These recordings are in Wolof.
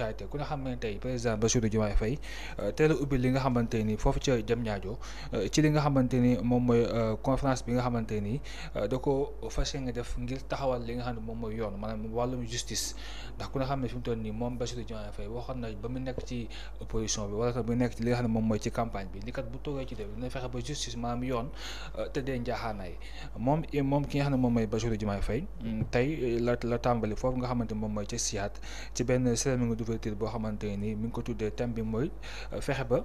actualité ku nga xam ne tey président Bassirou euh, a ubbi li ni foofu ca jëm ñaajo euh, ci nga xamante ni euh, ni da ko fas nga def li nga xam moom mooy yoon maanaam wàllum justice ndax ku nga xam ne fi mu toll nii moom Bassirou ba mu nekk ci opposition bi mooy ci campagne bi ni kat bu toogee ci def dina fexe ba xam ne moom mooy Bassirou Diomaye Faye mm, tey la la tàmbali foofu nga xamante moom mooy ca siyaat ci benn cérémonie d'ouverture mi ko bi euh,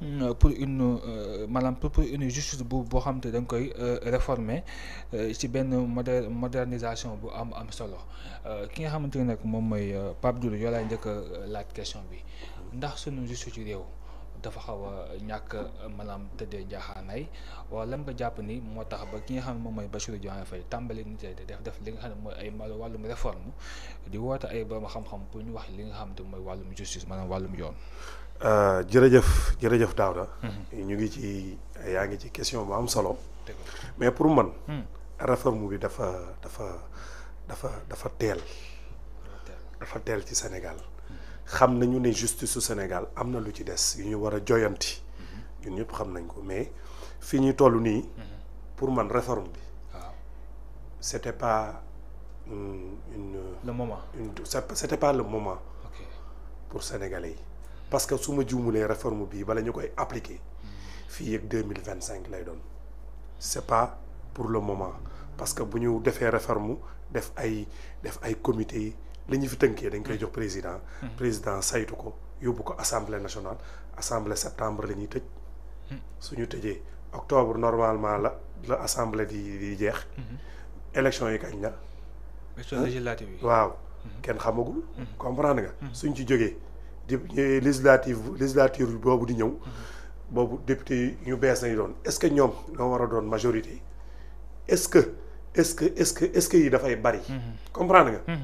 mm, euh, pour une justice euh, réformer ci modernisation bu am am solo ki nga nak Pape question bi ndax justice dafa xaw a ñàkk maanaam tëddee njaaxaanay wala lan nga jàpp ni moo tax ba ki nga xam ne moom mooy Bassirou Diomaye Faye tàmbali nit di def def li nga xam mooy ay wàllum réforme di woote ay borom xam-xam pour ñu wax li nga xam te mooy wàllum justice maanaam wàllum yoon. Euh, jërëjëf jërëjëf Daouda. Mm-hmm. ñu ngi ci yaa ngi ci question bu am solo. mais pour man. Hmm. réforme bi dafa dafa dafa dafa teel. dafa teel ci Sénégal. xam nañu ne justice au Sénégal am na lu ci des yu ñu war a joyanti ñun ñëpp xam nañ ko mais fi ñu toll nii pour man réforme bi waaw c'était pas mm, une, le moment une c'était pas le moment pour sénégalais yi parce que su ma juumulee réforme bii bala ñu koy appliquer fii ak 2025 lay doon c'est pas pour le moment parce que bu ñu defee réforme def ay def ay comité li ñu fi tënkee dañ koy mm. jox président. Mm. président saytu ko yóbbu ko assemblée nationale assemblée septembre la ñuy tëj. Mm. suñu tëjee octobre normalement la la assemblée di di jeex. Mm-hmm. élection yi kañ la. Hein? législative yi waaw. Mm-hmm. kenn xamagul. Mm-hmm. comprendre nga. suñ ci jógee di législative législature boobu di ñëw. boobu député ñu bees nañu doon est-ce que ñoom ñoo war a doon majorité est-ce que est-ce que est-ce que est-ce que yi dafay bari. comprendre nga.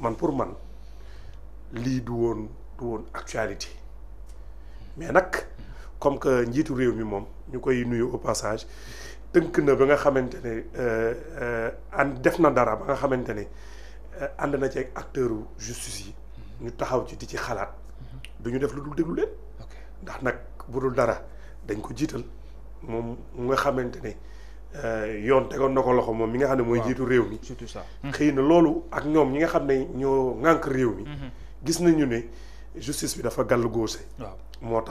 man pour man lii du woon du woon actualité mais nag comme que njiitu réew mi moom ñu koy nuyu au passage tënk na ba nga xamante ne euh, euh, ànd def na dara ba nga xamante ne euh, ànd na ci ak acteur justice yi ñu taxaw ci di ci xalaat du ñu def lu dul déglu leen ndax nag bu dul dara dañ ko jiital moom mu nga xamante ne Euh, yoon tegoon na ko loxo moom mi nga xam ne mooy jiitu mi ak ñi justice bi dafa gàll góose waaw moo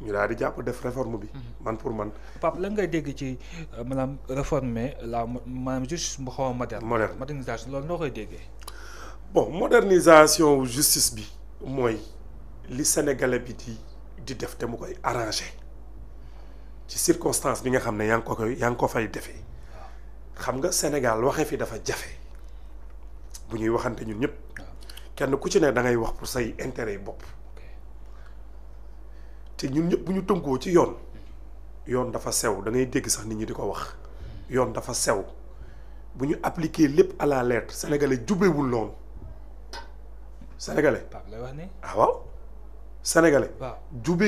ñu réforme bi mm-hmm. man pour man pap la ngay dégg ci euh, la justice mu xaw a moderne modernisation loolu noo koy bon modernisation justice bi mooy li sénégalais bi di def ci circonstance bi nga xamné ne ko koy ko fay défé xam nga Sénégal waxé fi dafa jafé bu ñuy waxanté ñun ñëpp ah. kenn ku ci ne da ngay wax pour say intérêt bop té ñun ñëpp bu ñu tënkoo ci yoon yoon dafa sew da ngay dégg sax nit ñi diko wax hmm. yoon dafa sew bu ñu appliquer lépp à la lettre sénégalais wul loolu sénégalais. ah waaw sénégalais.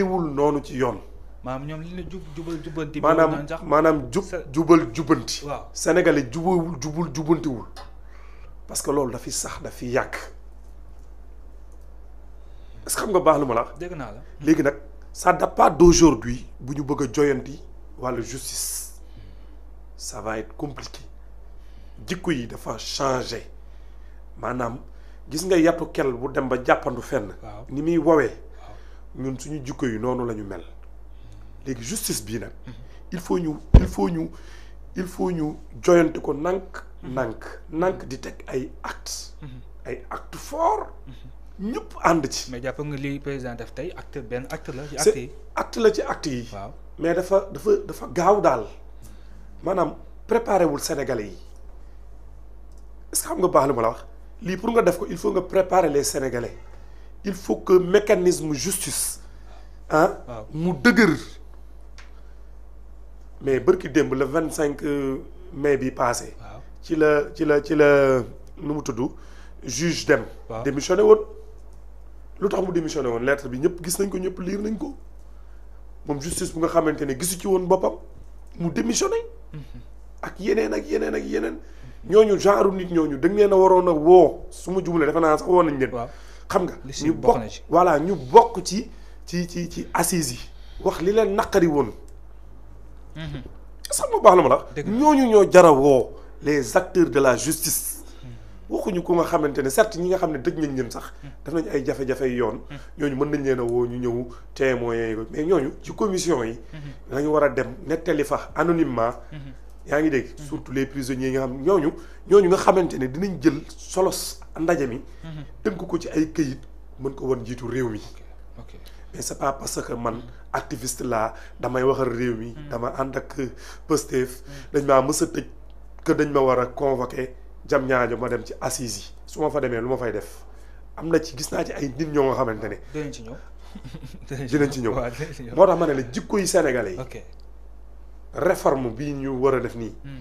wul ci yoon. Manam ñoom li ñu jub djubanti sénégalais parce que da fi sax fi est-ce que xam nga baax luma la. date pas d'aujourd'hui buñu bëgg joyanti wala justice ça va être compliqué jikko yi fa changer manam gis nga kel bu dem ba jappandu fenn. ni mi ñun suñu jikko yi nonu la mel justice bien, il faut nous, il faut nous, il faut nous nank nank actes forts mais président acte acte la acte acte la acte mais sénégalais est-ce que xam nga pour il faut préparer les sénégalais il faut que mécanisme justice hein? mu mais le 25 euh, mai bi passé ci la ci ci juge dem démissionné woon mu démissionné woon lettre bi ñep gis nañ ko ñep nañ ko justice bu nga xamantene ci il mu démissionné mm-hmm. ak yenen ak ak genre nit a waroon a woo su a sax woo nañ leen xam nga ñu voilà ñu bok ci ci ci wax li leen sax ma baax la ma la ñu ñoo jarawoo les acteurs de la justice hmm. waxuñu ko nga xamante ne certes ñi nga xam ne dëj nañ leen sax hmm. def ay jafe yoon hmm. ñooñu mën nañ leen a woo ñu ñëw témoins yi ñooñu ci commission yi dañu war a dem nettali fa anonymement yaa ngi de surtout les prisonniers yi nga xam ñoo ñu nga xamante ne dinañ jël solos ndaje mi tënk ko ci ay këyit mën ko wan jiitu réew mi mais c'est pas parce que man activiste laa damay waxal réew mi. Mm. dama ànd ak Pastef. Mm. dañ maa mës a tëj que dañ ma war a convoqué jam ñaajo ma dem ci assise yi. su ma fa demee lu ma fay def am na ci gis naa ci ay nit ñoo nga xamante ne. dinañ ci ñëw dinañ ci ñëw moo tax ma ne la jikko yi Sénégalais yi. réforme bii ñu war a def nii. Mm.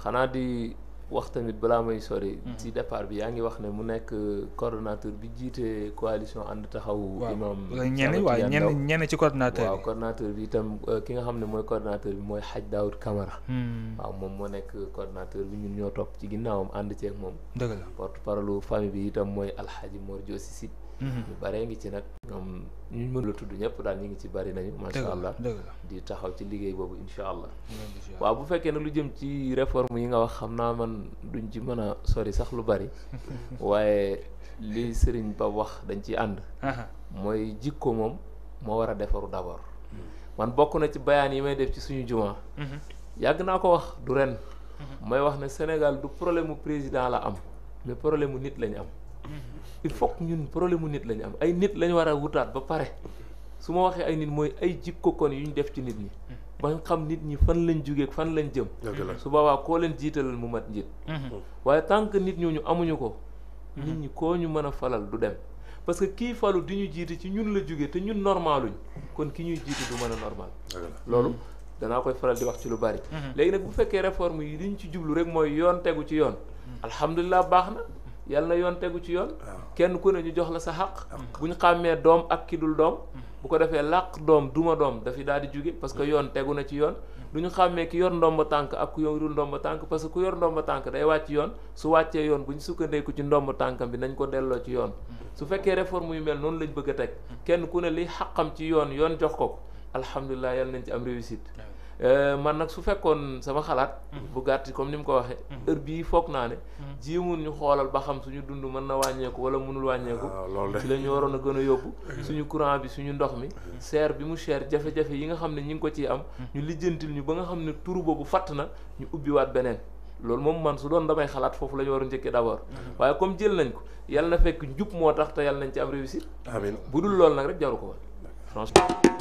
xanaa di wax tamit balaa may sori. Mhm. ci départ bi yaa ngi wax ne mu nekk coordonnateur bi jiite coalition ànd taxaw imam ñenn waaw ñenn ci coordonnateur bi waaw bi itam euh, ki nga xam ne mooy coordonnateur bi mooy Hadj Daoud Camara. Hmm. waaw moom moo nekk coordonnateur bi ñun ñoo topp ci ginnaawam ànd ceeg moom. dëgg la porte parole famille bi itam mooy Alhaji Mor Diossi si ñu mhm. bare ngi ci nag ñoom ñu mën la tudd ñëpp daal ñu ngi ci bari nañu macha allah di taxaw ci liggéey boobu insha allah Wa bu fekkee nag lu jëm ci réforme yi nga wax xam man duñ ci mën a sori sax lu bari waaye li sëriñ ba wax dañ ciy ànd mooy jikko moom moo war defaru d' mhm. man bokk na ci bayaan yi may def ci suñu juma mhm. yàgg naa ko wax du ren may wax ne Sénégal du problème président la am mais problème nit lañ am il faut ñun problème mu nit lañu am ay nit lañu war a wutaat ba pare su ma waxee ay nit mooy ay jikko kon yu ñu def ci nit ñi ba xam nit ñi fan lañ jógee fan lañ jëm su boobaa koo leen jiitalal mu mat njiit mhm. waaye tant que nit ñooñu amuñu ko mhm. nit ñi koo ñu mën a falal du dem parce que kii falu di ñu jiite ci ñun la jógee te ñun normaluñ kon ki ñuy jiite du mën a normal loolu danaa koy faral di wax ci lu bari mhm. léegi nag bu fekkee réforme yi li ñu ci jublu rek mooy yoon tegu ci yoon baax na yàlla na yoon tegu ci yoon kenn ku ne ñu jox la sa xaq bu ñu xàmmee doom ak kii dul doom mm. bu ko defee làq doom duma doom dafi daal di jóge parce que mm. yoon tegu na ci yoon mm. du ñu xàmmee ki yor ndomba tànk ak ku yorul tànk parce que ku yor ndomba tànk day wàcc yoon su wàccee yoon bu ñu sukkandeeku ci ndomb tànkam bi nañ ko delloo ci yoon su fekkee réforme yu mel noonu lañ bëgg a teg kenn ku ne li xaqam ci yoon yoon jox ko ko alhamdulilah yàlla nañ ci am réussite Euh, man nag su fekkoon sama xalaat. Mhm. bu gàtt comme ni mu ko waxee. Mhm. heure bii foog naa ne. Mhm. jéemoon ñu xoolal ba xam suñu dund mën na wàññeeku wala mënul wàññeeku. Ah, ci la ñu waroon a gën a yóbbu. suñu courant bi suñu ndox mi. seer bi mu seer jafe-jafe yi nga xam ne ñi ngi ko ciy am. ñu lijjantil ñu ba nga xam ne tur boobu fàtt na ñu ubbiwaat beneen. loolu moom man su doon damay xalaat foofu la ñu war a njëkkee d'abord waaye comme jël nañ ko yàlla na fekk njub moo tax te yàlla nañ ci am réussite. amiin bu dul loolu nag rek jaru ko